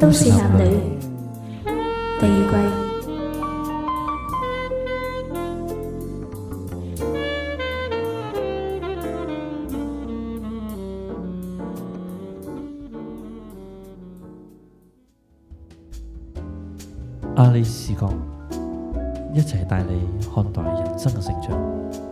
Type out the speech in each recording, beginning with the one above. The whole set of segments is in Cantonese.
都市男女第二季，阿里視角，一齊帶你看待人生嘅成長。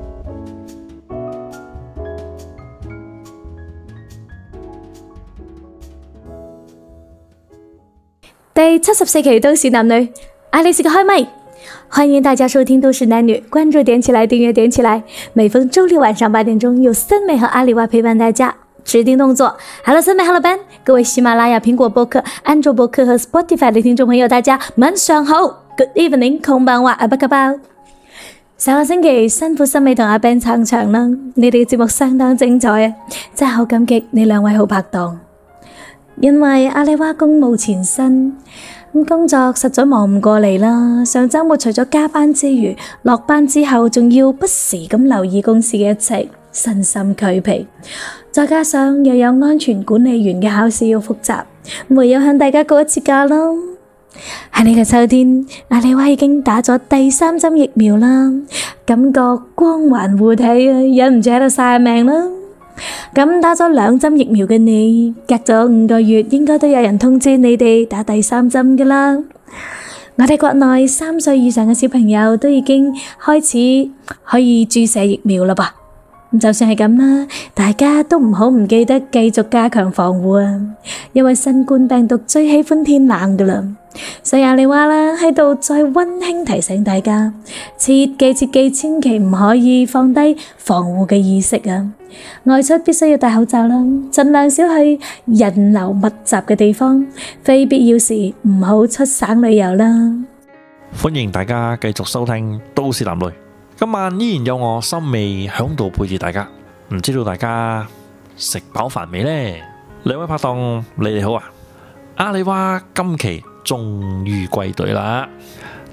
七十四期都市男女，阿、啊、里是個開咪，歡迎大家收聽都市男女，關注點起來，訂閱點起來，每逢周六晚上八點鐘，有森美和阿里娃陪伴大家指定動作。Hello 森美，Hello Ben，各位喜馬拉雅、蘋果播客、安卓播客和 Spotify 的聽眾朋友，大家晚上好，Good evening，控版話阿八吉包。上個星期辛苦森美同阿 Ben 撐場啦，你哋節目相當精彩啊，真係好感激你兩位好拍檔。因為阿里娃公務纏身，工作實在忙唔過嚟啦。上周末除咗加班之餘，落班之後仲要不時咁留意公司嘅一切，身心俱疲。再加上又有安全管理員嘅考試要復習，唯有向大家告一次假啦。喺呢個秋天，阿里娃已經打咗第三針疫苗啦，感覺光環護體，忍唔住喺度晒命啦。咁打咗兩針疫苗嘅你，隔咗五個月，應該都有人通知你哋打第三針噶啦。我哋國內三歲以上嘅小朋友都已經開始可以注射疫苗啦。噃，就算係咁啦，大家都唔好唔記得繼續加強防護啊。因為新冠病毒最喜歡天冷噶啦，所以阿麗娃啦喺度再溫馨提醒大家，切記切記，千祈唔可以放低防護嘅意識啊。外出必須要戴口罩啦，盡量少去人流密集嘅地方，非必要時唔好出省旅遊啦。歡迎大家繼續收聽《都市男女》，今晚依然有我心味響度陪住大家。唔知道大家食飽飯未呢？兩位拍檔，你哋好啊！阿里娃今期終於歸隊啦，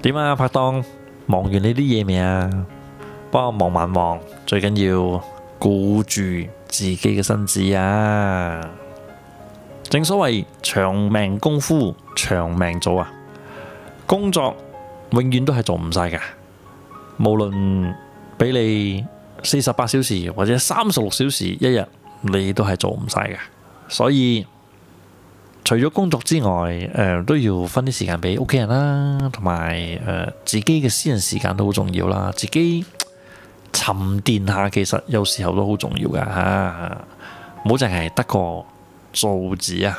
點啊？拍檔忙完你啲嘢未啊？幫我忙慢忙，最緊要。顧住自己嘅身子啊，正所謂長命功夫長命做啊，工作永遠都係做唔晒嘅，無論俾你四十八小時或者三十六小時一日，你都係做唔晒嘅。所以除咗工作之外，誒、呃、都要分啲時間俾屋企人啦，同埋誒自己嘅私人時間都好重要啦，自己。沉澱下，其實有時候都好重要噶嚇，唔好淨係得個造字啊！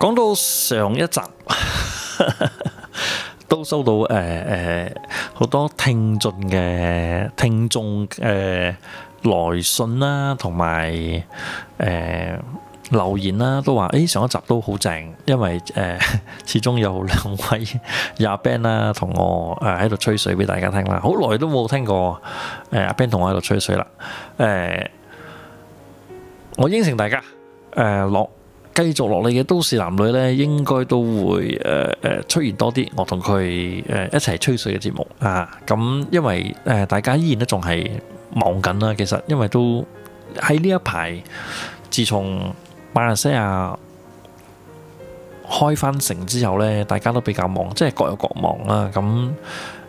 講到上一集， 都收到誒誒好多聽眾嘅聽眾誒、呃、來信啦、啊，同埋誒，呃留言啦、啊，都話，誒、欸、上一集都好正，因為誒、呃、始終有兩位有阿 Ben 啦、啊，同我誒喺度吹水俾大家聽啦。好耐都冇聽過誒阿、呃、Ben 同我喺度吹水啦。誒、呃，我應承大家，誒、呃、落繼續落嚟嘅都市男女咧，應該都會誒誒、呃、出現多啲我同佢誒一齊吹水嘅節目啊。咁因為誒、呃、大家依然都仲係忙緊啦，其實因為都喺呢一排，自從馬來西亞開翻城之後呢，大家都比較忙，即係各有各忙啦。咁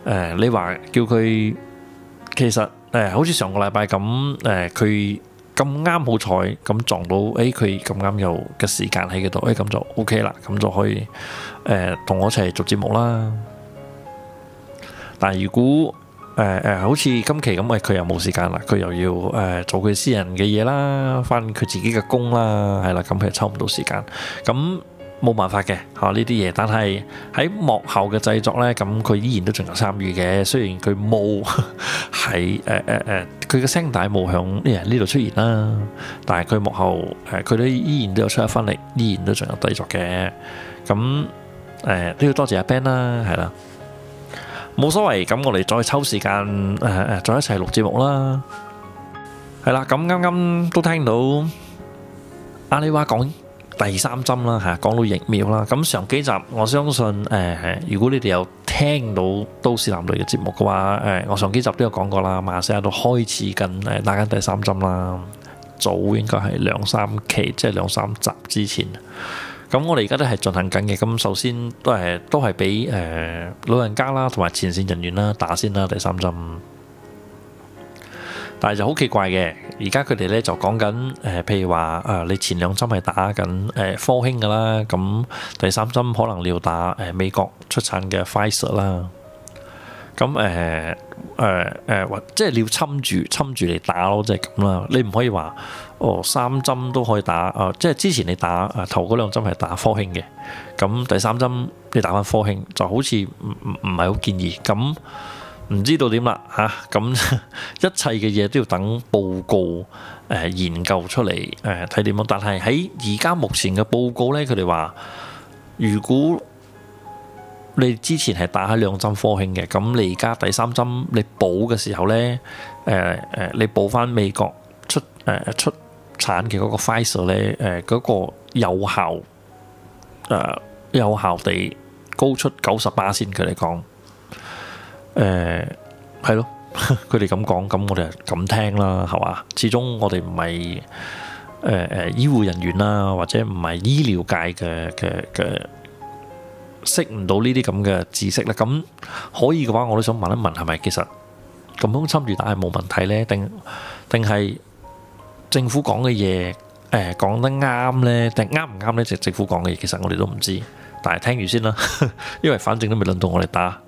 誒，你話叫佢，其實誒，好似上個禮拜咁，誒，佢咁啱好彩，咁撞到，誒，佢咁啱有嘅時間喺嗰度，誒，咁就 OK 啦，咁就可以誒，同我一齊做節目啦。但係如果，誒誒，好似、呃、今期咁啊，佢又冇時間、呃、啦，佢又要誒做佢私人嘅嘢啦，返佢自己嘅工啦，係啦，咁佢又抽唔到時間，咁冇辦法嘅嚇呢啲嘢。但係喺幕後嘅製作咧，咁佢依然都仲有參與嘅。雖然佢冇喺誒誒誒，佢、呃、嘅、呃、聲帶冇響呢度出現啦，但係佢幕後誒，佢、呃、都依然都有出一分力，依然都仲有製作嘅。咁誒都要多謝阿 Ben 啦，係啦。冇所謂，咁我哋再抽時間誒誒，再一齊錄節目啦。係啦，咁啱啱都聽到阿你話講第三針啦吓，講到疫苗啦。咁上幾集我相信誒、呃，如果你哋有聽到都市男女嘅節目嘅話，誒、呃，我上幾集都有講過啦，馬斯亞都開始緊誒打緊第三針啦，早應該係兩三期即係兩三集之前。咁我哋而家都係進行緊嘅，咁首先都係都係俾誒老人家啦，同埋前線人員啦打先啦第三針，但係就好奇怪嘅，而家佢哋咧就講緊誒，譬如話啊、呃，你前兩針係打緊誒、呃、科興㗎啦，咁第三針可能你要打誒、呃、美國出產嘅 Pfizer 啦，咁誒誒誒即係你要侵住滲住嚟打咯，即係咁啦，你唔可以話。哦，三針都可以打啊、哦！即係之前你打啊頭嗰兩針係打科興嘅，咁第三針你打翻科興就好似唔唔唔係好建議。咁唔知道點啦嚇，咁、啊、一切嘅嘢都要等報告誒、呃、研究出嚟誒睇點樣。但係喺而家目前嘅報告呢，佢哋話如果你之前係打喺兩針科興嘅，咁你而家第三針你補嘅時候呢，誒、呃、誒你補翻美國出誒出。呃出產嘅嗰個 file 咧，誒嗰個有效，誒有效地高出九十八先，佢哋講，誒係咯，佢哋咁講，咁我哋咁聽啦，係嘛？始終我哋唔係誒誒醫護人員啦，或者唔係醫療界嘅嘅嘅，識唔到呢啲咁嘅知識啦。咁可以嘅話，我都想問一問，係咪其實咁樣侵住打係冇問題咧？定定係？政府講嘅嘢，誒、呃、講得啱呢定啱唔啱呢？就政府講嘅嘢，其實我哋都唔知，但係聽住先啦，因為反正都未輪到我哋打。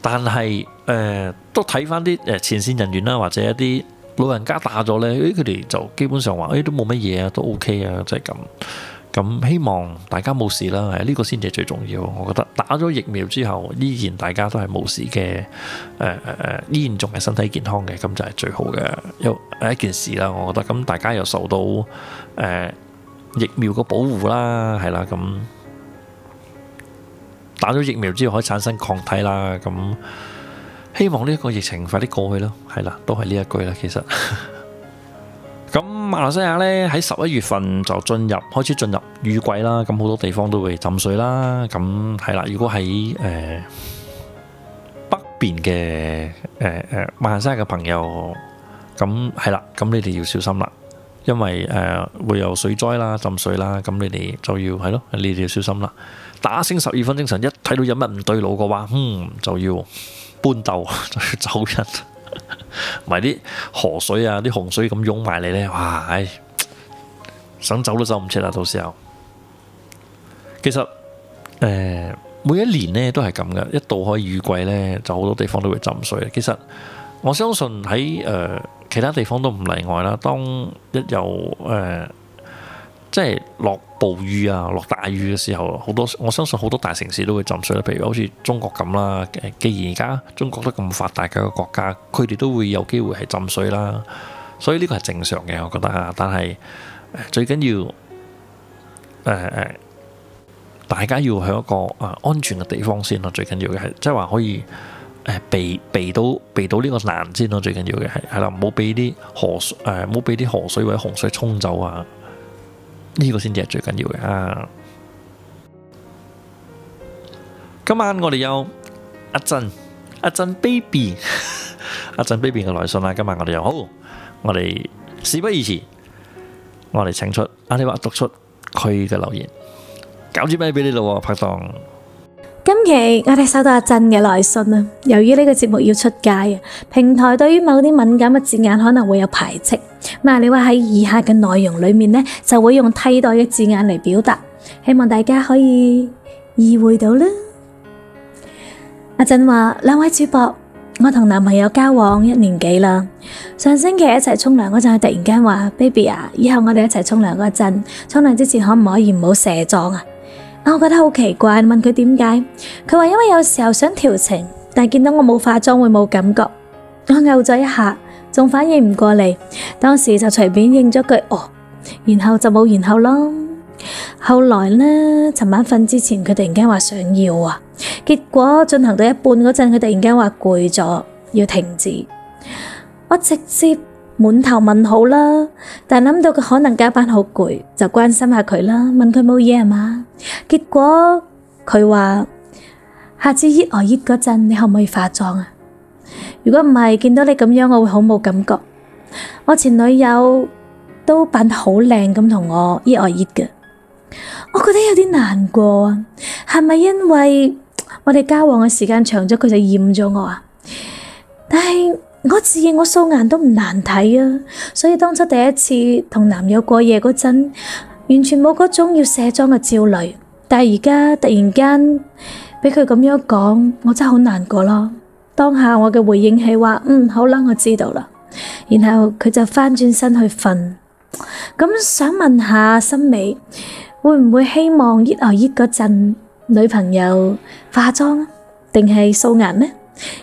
但係誒、呃，都睇翻啲誒前線人員啦，或者一啲老人家打咗呢，誒佢哋就基本上話，誒、哎、都冇乜嘢啊，都 OK 啊，即係咁。咁希望大家冇事啦，係、這、呢個先至最重要。我覺得打咗疫苗之後，依然大家都係冇事嘅，誒誒誒，依然仲係身體健康嘅，咁就係最好嘅，有一件事啦。我覺得咁大家又受到、呃、疫苗嘅保護啦，係啦，咁、嗯、打咗疫苗之後可以產生抗體啦，咁、嗯、希望呢一個疫情快啲過去咯，係啦，都係呢一句啦，其實。 咁馬來西亞咧喺十一月份就進入開始進入雨季啦，咁好多地方都會浸水啦。咁係啦，如果喺誒、呃、北邊嘅誒誒馬來西亞嘅朋友，咁係啦，咁你哋要小心啦，因為誒、呃、會有水災啦、浸水啦，咁你哋就要係咯，你哋要小心啦。打醒十二分精神，一睇到有乜唔對路嘅話，嗯，就要搬走。 就要走人。埋啲 河水啊，啲洪水咁湧埋嚟呢，哇！唉，想走都走唔出啦，到時候。其實，誒、呃，每一年呢都係咁噶，一到開雨季呢，就好多地方都會浸水。其實，我相信喺誒、呃、其他地方都唔例外啦。當一有誒。呃即係落暴雨啊，落大雨嘅時候，好多我相信好多大城市都會浸水啦。譬如好似中國咁啦，既然而家中國都咁發達嘅個國家，佢哋都會有機會係浸水啦，所以呢個係正常嘅，我覺得啊。但係最緊要誒誒、呃，大家要去一個誒安全嘅地方先咯。最緊要嘅係即係話可以避避到避到呢個難先咯。最緊要嘅係係啦，唔好俾啲河水，唔好俾啲河水或者洪水沖走啊。呢個先至係最緊要嘅啊， 啊！今晚我哋有阿震、阿震 baby、阿震 baby 嘅來信啦。今晚我哋又好，我哋事不宜遲，我哋請出阿、啊、你話讀出佢嘅留言，搞支咪俾你咯、啊，拍檔。今期我哋收到阿震嘅來信啊！由於呢個節目要出街，平台對於某啲敏感嘅字眼可能會有排斥。嗱，你話喺以下嘅內容裏面呢，就會用替代嘅字眼嚟表達，希望大家可以意會到啦。阿珍話：兩位主播，我同男朋友交往一年幾啦。上星期一齊沖涼嗰陣，佢突然間話：baby 啊，以後我哋一齊沖涼嗰陣，沖涼之前可唔可以唔好卸妝啊？我覺得好奇怪，問佢點解？佢話因為有時候想調情，但係見到我冇化妝會冇感覺。我嘔咗一下。仲反應唔過嚟，當時就隨便應咗句哦，然後就冇然後咯。後來呢，尋晚瞓之前佢突然間話想要啊，結果進行到一半嗰陣，佢突然間話攰咗要停止，我直接滿頭問號啦。但諗到佢可能加班好攰，就關心下佢啦，問佢冇嘢係嘛？結果佢話下次熱外熱嗰陣，你可唔可以化妝啊？如果唔係見到你咁樣，我會好冇感覺。我前女友都扮得好靚咁同我熱愛熱嘅，我覺得有啲難過啊！係咪因為我哋交往嘅時間長咗，佢就厭咗我啊？但係我自認我素顏都唔難睇啊，所以當初第一次同男友過夜嗰陣，完全冇嗰種要卸妝嘅焦慮。但係而家突然間畀佢咁樣講，我真係好難過咯。當下我嘅回應係話，嗯，好啦，我知道啦。然後佢就翻轉身去瞓。咁、嗯、想問一下森美，會唔會希望熱愛熱嗰陣女朋友化妝定係素顏呢？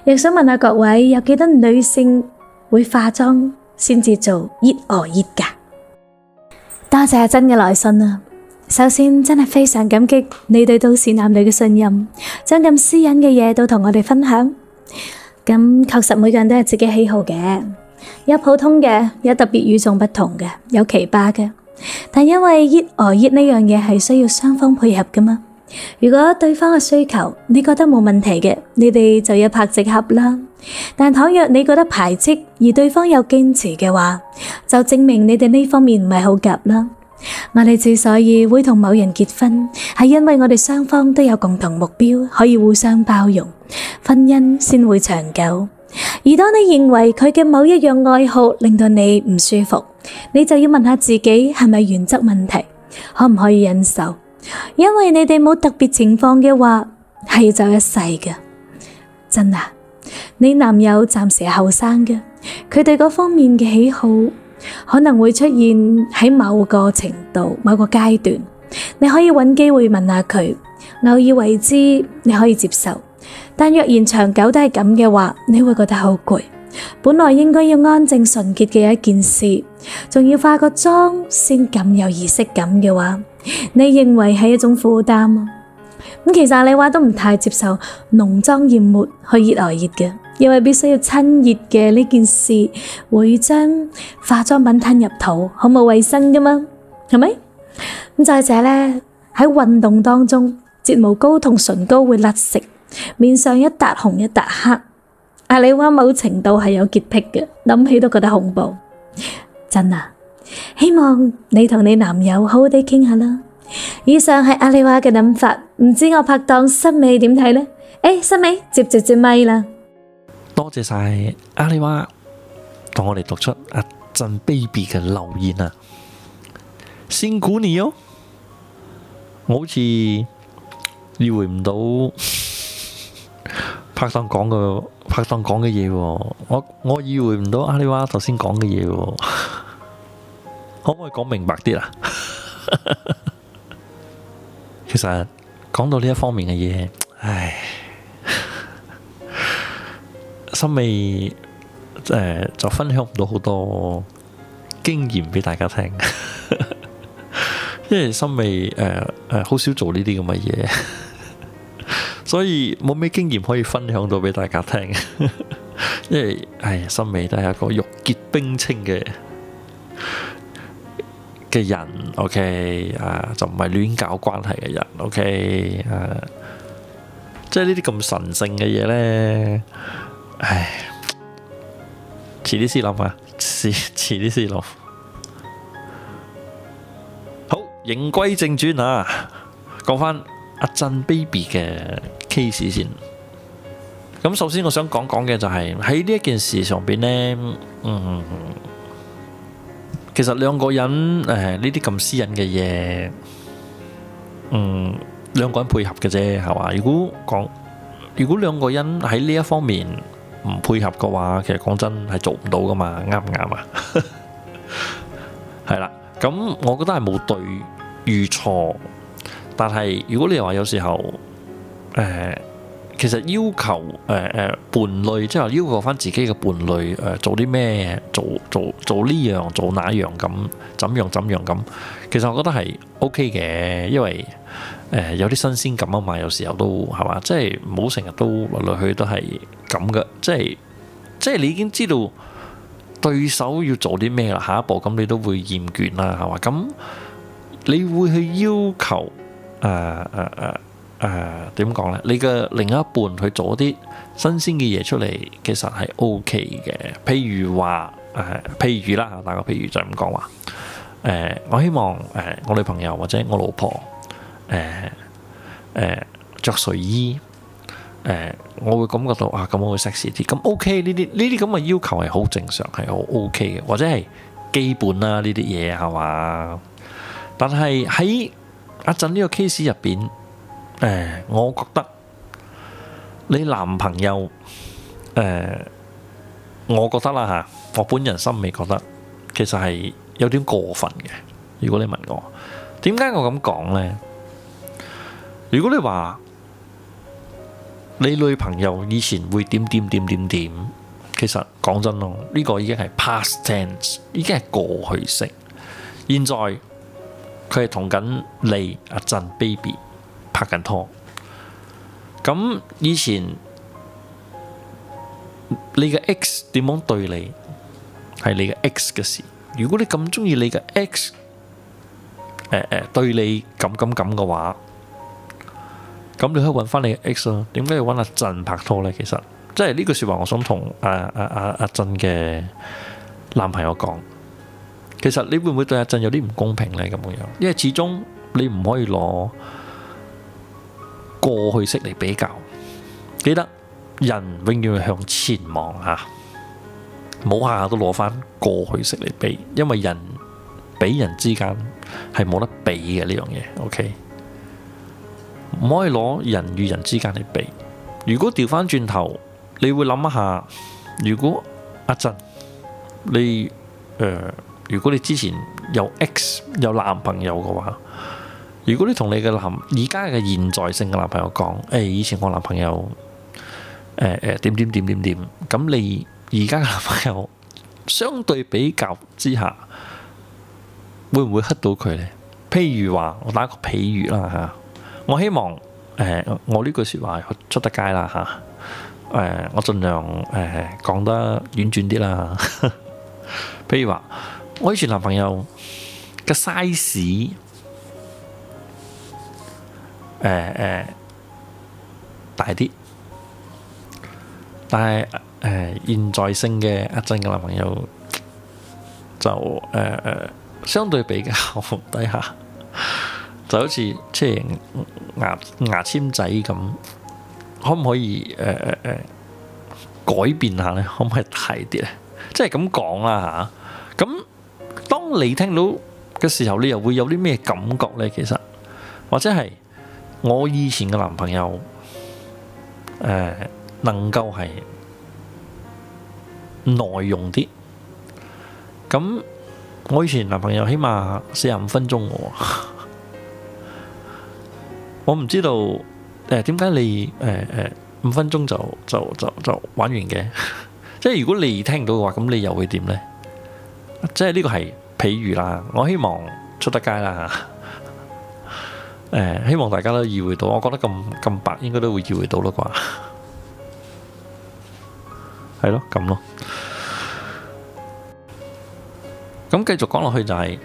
又想問下各位，有幾多女性會化妝先至做熱愛熱噶？It it 多謝阿珍嘅來信啊！首先真係非常感激你對都市男女嘅信任，將咁私隱嘅嘢都同我哋分享。咁確實每個人都有自己喜好嘅，有普通嘅，有特別與眾不同嘅，有奇葩嘅。但因為約外約呢樣嘢係需要雙方配合噶嘛，如果對方嘅需求你覺得冇問題嘅，你哋就要拍即合啦。但倘若你覺得排斥而對方又堅持嘅話，就證明你哋呢方面唔係好夾啦。我哋之所以會同某人結婚，係因為我哋雙方都有共同目標，可以互相包容，婚姻先會長久。而當你認為佢嘅某一樣愛好令到你唔舒服，你就要問下自己係咪原則問題，可唔可以忍受？因為你哋冇特別情況嘅話，係要走一世嘅。真啊，你男友暫時係後生嘅，佢對嗰方面嘅喜好。可能會出現喺某個程度、某個階段，你可以揾機會問下佢，偶爾為之你可以接受，但若然長久都係咁嘅話，你會覺得好攰。本來應該要安靜純潔嘅一件事，仲要化個妝先咁有儀式感嘅話，你認為係一種負擔啊？其實你話都唔太接受濃妝艷抹去熱來熱嘅。因為必須要親熱嘅呢件事，會將化妝品吞入肚，好冇衛生噶嘛？係咪？咁再者呢，喺運動當中，睫毛膏同唇膏會甩色，面上一笪紅一笪黑。阿里娃某程度係有潔癖嘅，諗起都覺得恐怖。真啊，希望你同你男友好好地傾下啦。以上係阿里娃嘅諗法，唔知我拍檔新美點睇呢？誒、欸，新美接住接麥啦。多謝晒阿里娃同我哋讀出阿珍 baby 嘅留言啊！辛苦你哦。我好似意會唔到拍檔講嘅拍檔講嘅嘢，我我意會唔到阿里娃頭先講嘅嘢， 可唔可以講明白啲啊？ 其實講到呢一方面嘅嘢，唉。心味誒、呃，就分享唔到好多經驗俾大家聽呵呵，因為心味誒誒，好、呃啊、少做呢啲咁嘅嘢，所以冇咩經驗可以分享到俾大家聽。呵呵，因為係心味都係一個玉潔冰清嘅嘅人，OK 啊，就唔係亂搞關係嘅人，OK 啊，即、就、係、是、呢啲咁神聖嘅嘢咧。唉，遲啲先諗下，遲遲啲先諗。好，言歸正傳啊，講翻阿震 baby 嘅 case 先。咁首先我想講講嘅就係喺呢一件事上邊呢，嗯，其實兩個人誒呢啲咁私隱嘅嘢，嗯，兩個人配合嘅啫，係嘛？如果講，如果兩個人喺呢一方面，唔配合嘅話，其實講真係做唔到㗎嘛，啱唔啱啊？係啦，咁我覺得係冇對與錯，但係如果你話有時候，誒，其實要求誒誒伴侶，即係話要求返自己嘅伴侶誒，做啲咩，做做做呢樣做那樣咁，怎樣怎樣咁，其實我覺得係 OK 嘅，因為誒有啲新鮮感啊嘛，有時候都係嘛，即係唔好成日都落落去都係。咁嘅，即係即係你已經知道對手要做啲咩啦，下一步咁你都會厭倦啦，係嘛？咁你會去要求誒誒誒誒，點講咧？你嘅另一半去做啲新鮮嘅嘢出嚟，其實係 OK 嘅。譬如話誒，譬如啦，但係個譬如就咁講話。誒、呃，我希望誒、呃，我女朋友或者我老婆誒誒、呃呃、着睡衣。誒、呃，我會感覺到啊，咁我會 sexy 啲，咁 OK 呢啲、呢啲咁嘅要求係好正常，係好 OK 嘅，或者係基本啦，呢啲嘢，係嘛？但係喺阿振呢個 case 入邊，誒、呃，我覺得你男朋友誒、呃，我覺得啦吓，我本人心未覺得，其實係有啲過分嘅。如果你問我，點解我咁講咧？如果你話，你女朋友以前會點點點點點？其實講真咯，呢個已經係 past tense，已經係過去式。現在佢係同緊你阿震 baby 拍緊拖。咁以前你嘅 X 點樣對你，係你嘅 X 嘅事。如果你咁中意你嘅 X，誒、呃、誒、呃，對你咁咁咁嘅話。咁你可以揾翻你嘅 X 咯，點解要揾阿震拍拖呢？其實即係呢句說話，我想同阿阿阿阿震嘅男朋友講，其實你會唔會對阿震有啲唔公平呢？咁樣，因為始終你唔可以攞過去式嚟比較，記得人永遠向前望吓，冇下下都攞翻過去式嚟比，因為人比人之間係冇得比嘅呢樣嘢。OK。唔可以攞人與人之間嚟比。如果調翻轉頭，你會諗一下。如果阿震，你誒、呃，如果你之前有 X 有男朋友嘅話，如果你同你嘅男而家嘅現在性嘅男朋友講，誒、欸、以前我男朋友誒誒、呃呃、點點點點點，咁你而家嘅男朋友相對比較之下，會唔會 hurt 到佢呢？」譬如話，我打個譬喻啦嚇。我希望誒、呃，我呢句說話出得街啦吓，誒、呃，我盡量誒講、呃、得婉轉啲啦。譬如話，我以前男朋友嘅 size，誒、呃、誒、呃、大啲，但係誒、呃、現在性嘅阿珍嘅男朋友就誒、呃呃、相對比較低下。就好似即係牙牙籤仔咁，可唔可以誒誒誒改變下咧？可唔可以大啲咧？即係咁講啦嚇。咁、啊、當你聽到嘅時候，你又會有啲咩感覺咧？其實或者係我以前嘅男朋友誒、呃、能夠係耐用啲。咁我以前男朋友起碼四十五分鐘喎。我唔知道，誒、呃，點解你，誒、呃，誒、呃，五分鐘就就就就玩完嘅？ 即係如果你聽唔到嘅話，咁你又會點呢？即係呢個係譬喻啦，我希望出得街啦吓、呃，希望大家都意會到，我覺得咁咁白應該都會意會到咯啩，係 咯，咁咯，咁繼續講落去就係、是。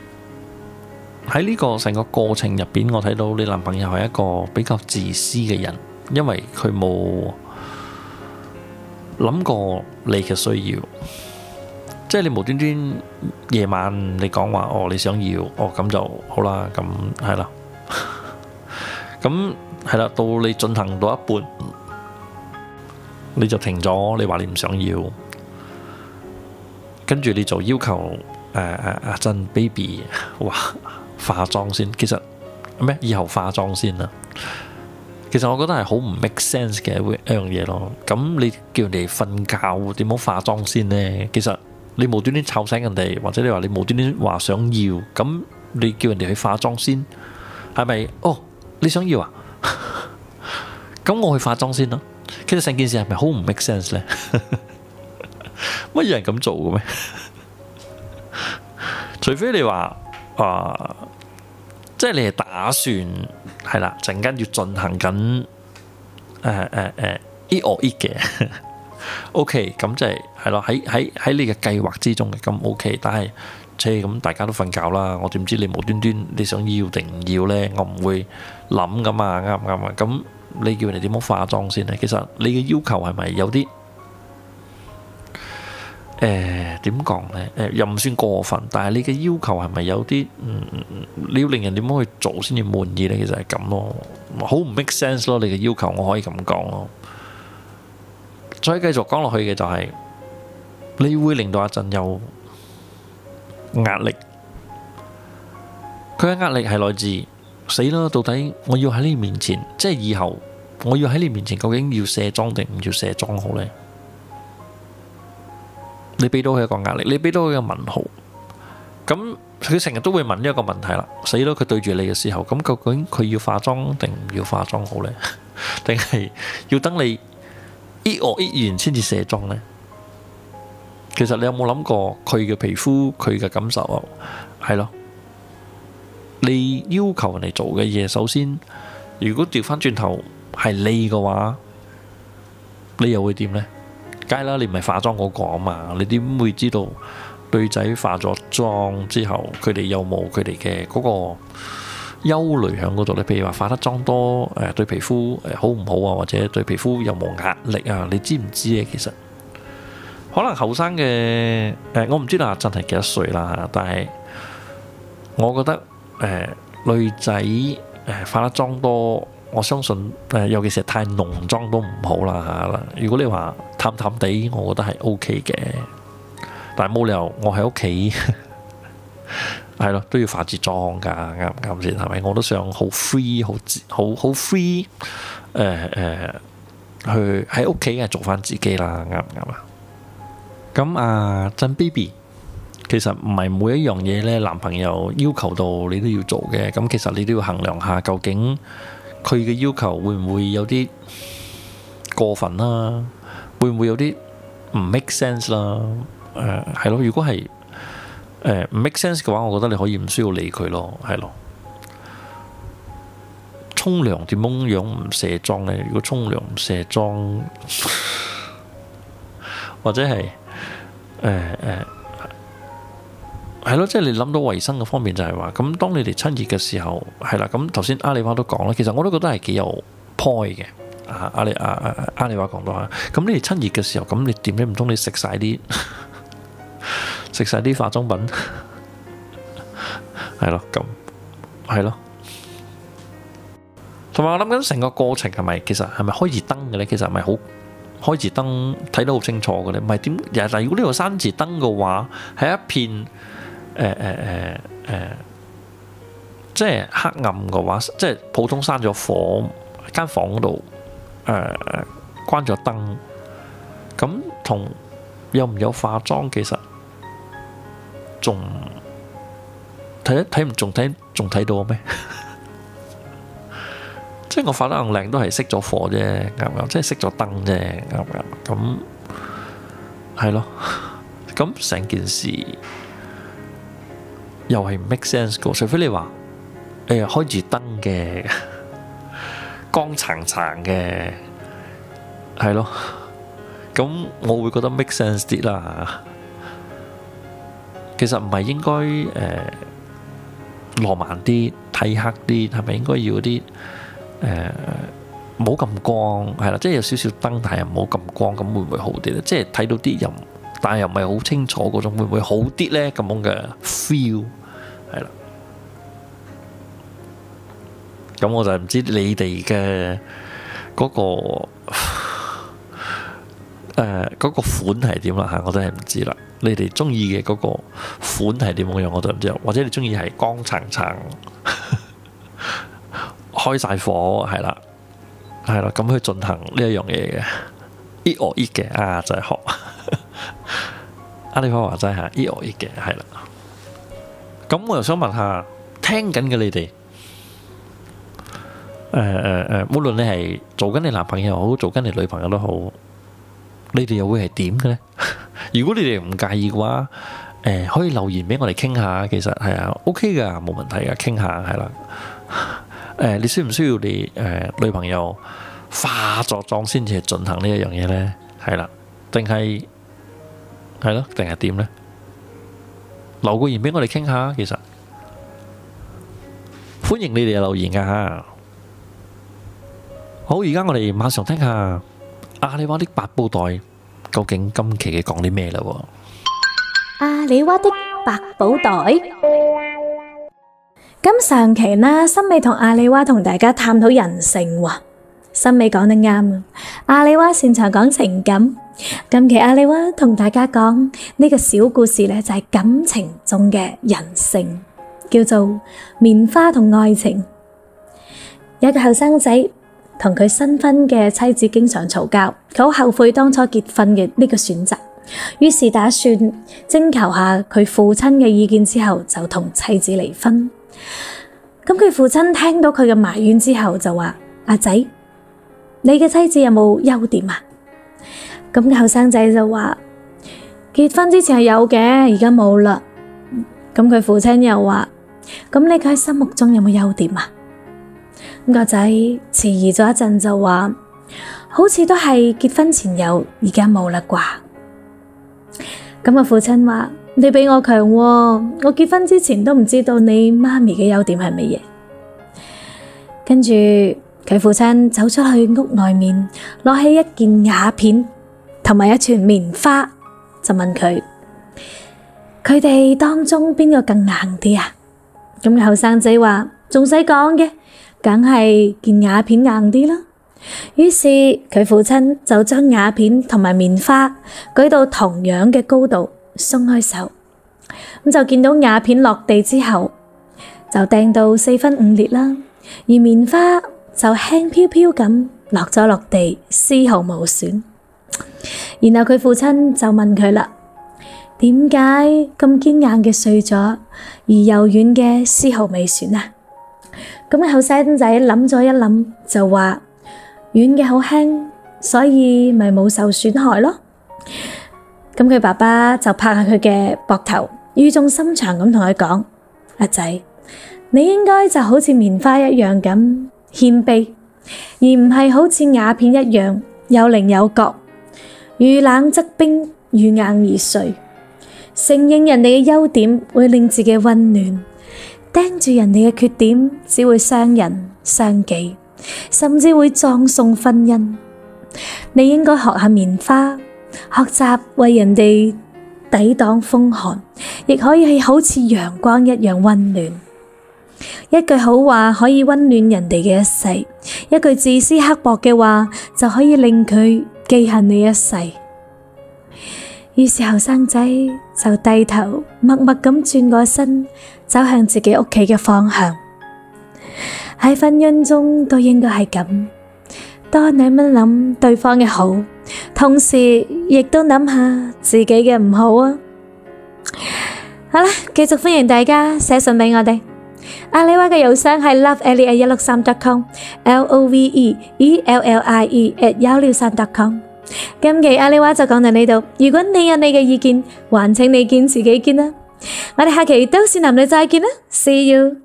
喺呢個成個過程入邊，我睇到你男朋友係一個比較自私嘅人，因為佢冇諗過你嘅需要，即係你無端端夜晚你講話哦，你想要哦，咁就好啦，咁係啦，咁係啦，到你進行到一半你就停咗，你話你唔想要，跟住你就要求誒誒阿珍 baby 哇。化妝先，其實咩？以後化妝先啊！其實我覺得係好唔 make sense 嘅一一樣嘢咯。咁你叫人哋瞓覺，點好化妝先呢？其實你無端端吵醒人哋，或者你話你無端端話想要，咁你叫人哋去化妝先，係咪？哦，你想要啊？咁我去化妝先咯。其實成件事係咪好唔 make sense 呢？乜有人咁做嘅咩？除非你話啊～即係你係打算係啦，陣間要進行緊誒誒誒 e 嘅，OK，咁即係係咯喺喺喺你嘅計劃之中嘅，咁 OK，但係，即係咁大家都瞓覺啦，我點知你無端端你想要定唔要咧？我唔會諗㗎嘛，啱唔啱啊？咁你叫人哋點樣化妝先咧？其實你嘅要求係咪有啲？誒，點講呢？誒、哎，又唔算過分，但係你嘅要求係咪有啲，嗯，你要令人點樣去做先至滿意呢？其實係咁咯，好唔 make sense 咯，你嘅要求，我可以咁講咯。再繼續講落去嘅就係、是，你會令到阿震有壓力。佢嘅壓力係來自，死啦！到底我要喺你面前，即係以後，我要喺你面前，究竟要卸妝定唔要卸妝好呢？你俾到佢一個壓力，你俾到佢一個問號，咁佢成日都會問一個問題啦，死咗，佢對住你嘅時候，咁究竟佢要化妝定唔要化妝好呢？定係要等你 eat or eat 完先至卸妝呢？其實你有冇諗過佢嘅皮膚佢嘅感受啊？係咯，你要求人哋做嘅嘢，首先如果調翻轉頭係你嘅話，你又會點呢？梗啦，你唔係化妝嗰個啊嘛，你點會知道女仔化咗妝之後，佢哋有冇佢哋嘅嗰個憂慮喺嗰度，你譬如話化得妝多，誒對皮膚誒好唔好啊？或者對皮膚有冇壓力啊？你知唔知咧？其實可能後生嘅誒，我唔知道阿振係幾多歲啦，但係我覺得誒、呃、女仔誒化得妝多。我相信，誒、呃，尤其是太濃妝都唔好啦吓啦。如果你話淡淡地，我覺得係 O K 嘅，但係冇理由我喺屋企係咯，都要化住妝噶啱唔啱先？係咪？我都想好 free 好，好，好 free，誒、呃、誒、呃，去喺屋企係做翻自己啦，啱唔啱啊？咁啊，真 baby，其實唔係每一樣嘢咧，男朋友要求到你都要做嘅。咁其實你都要衡量下究竟。佢嘅要求會唔會有啲過分啦，啊？會唔會有啲唔 make sense 啦？誒、呃、係咯，如果係唔 make sense 嘅話，我覺得你可以唔需要理佢咯，係咯。沖涼點樣樣唔卸妝呢？如果沖涼唔卸妝， 或者係係咯，即係你諗到衛生嘅方面就係話，咁當你哋親熱嘅時候，係啦，咁頭先阿里話都講啦，其實我都覺得係幾有 point 嘅，啊阿里阿阿里話講到啊，咁、啊啊啊、你哋親熱嘅時候，咁你點解唔通你食晒啲食晒啲化妝品？係 咯，咁係咯，同埋我諗緊成個過程係咪其實係咪開住燈嘅咧？其實係咪好開住燈睇得好清楚嘅咧？唔係點？但如果呢個閂咗燈嘅話，係一片。誒誒誒誒，即係黑暗嘅話，即係普通閂咗房間房嗰度，誒關咗燈，咁同有唔有化妝其實仲睇睇唔仲睇仲睇到咩？即係我化得咁靚都係熄咗火啫，啱唔啱？即係熄咗燈啫，啱唔啱？咁係咯，咁成件事。又係唔 make sense 嘅，除非你話誒、呃、開住燈嘅光燦燦嘅，係咯，咁我會覺得 make sense 啲啦。其實唔係應該誒浪漫啲、睇、呃、黑啲，係咪應該要啲誒冇咁光係啦，即係有少少燈，但係又唔好咁光，咁會唔會好啲咧？即係睇到啲人。但係又唔係好清楚種，會唔會好啲咧？咁樣嘅 feel 係啦。咁我就係唔知你哋嘅、嗰個誒、嗰個呃嗰個款係點啦吓，我都係唔知啦。你哋中意嘅個款係點樣樣，我就唔知，或者你中意係光燦燦開晒火係啦，係啦，咁去進行呢一樣嘢嘅 eat or eat 嘅啊，就係、是、學。阿你花話齋吓，依我依嘅係啦。咁我又想問下，聽緊嘅你哋，誒誒誒，無論你係做緊你男朋友好，做緊你女朋友都好，你哋又會係點嘅咧？ 如果你哋唔介意嘅話，誒、呃，可以留言俾我哋傾下。其實係啊，OK 噶冇問題噶傾下係啦。誒、 呃，你需唔需要你誒、呃、女朋友化咗妝先至進行呢一樣嘢？咧？係啦，定係？係咯，定係點呢？留個言畀我哋傾下，其實歡迎你哋留言噶、啊、吓。好，而家我哋馬上聽下阿里娃的百寶袋，究竟今期嘅講啲咩啦？阿里娃的百寶袋，咁上期呢？森美同阿里娃同大家探討人性喎。心美講得啱啊！阿里娃擅長講情感，今期阿里娃同大家講呢、這個小故事咧，就係感情中嘅人性，叫做棉花同愛情。有一個後生仔同佢新婚嘅妻子經常嘈交，佢好後悔當初結婚嘅呢個選擇，於是打算徵求下佢父親嘅意見之後就同妻子離婚。咁佢父親聽到佢嘅埋怨之後就話：阿仔。你嘅妻子有冇優點啊？咁、個後生仔就話，結婚之前係有嘅，而家冇啦。咁佢、個、父親又話：咁你喺心目中有冇優點啊？咁、個仔遲疑咗一陣就話：好似都係結婚前有，而家冇啦啩。咁、個父親話：你比我強喎，我結婚之前都唔知道你媽咪嘅優點係乜嘢。跟住。佢父親走出去屋內面，攞起一件瓦片同埋一串棉花，就問佢：佢哋當中邊個更硬啲啊？咁後生仔話：仲使講嘅，梗係件瓦片硬啲啦。於是佢父親就將瓦片同埋棉花舉到同樣嘅高度，鬆開手，咁就見到瓦片落地之後就掟到四分五裂啦，而棉花，就輕飄飄咁落咗落地，絲毫無損。然後佢父親就問佢啦：點解咁堅硬嘅碎咗，而柔軟嘅絲毫未損啊？咁個後生仔諗咗一諗就話：軟嘅好輕，所以咪冇受損害咯。咁佢爸爸就拍下佢嘅膊頭，語重心長咁同佢講：阿仔，你應該就好似棉花一樣咁謙卑，而唔係好似瓦片一樣有稜有角，遇冷則冰，遇硬而碎。承認人哋嘅優點，會令自己温暖；盯住人哋嘅缺點，只會傷人傷己，甚至會葬送婚姻。你應該學下棉花，學習為人哋抵擋風寒，亦可以係好似陽光一樣温暖。一句好話可以溫暖人哋嘅一世，一句自私刻薄嘅話就可以令佢記恨你一世。於是後生仔就低頭默默咁轉個身，走向自己屋企嘅方向。喺婚姻中都應該係咁，多諗一諗對方嘅好，同時亦都諗下自己嘅唔好啊。好啦，繼續歡迎大家寫信俾我哋。阿麗娃嘅郵箱係 l o v e l l i e y 六三 .com，L O V E L L I E at 幺六三 .com。今期阿麗娃就講到呢度，如果你有你嘅意見，還請你堅持己見啦。我哋下期都市男女再見啦，See you。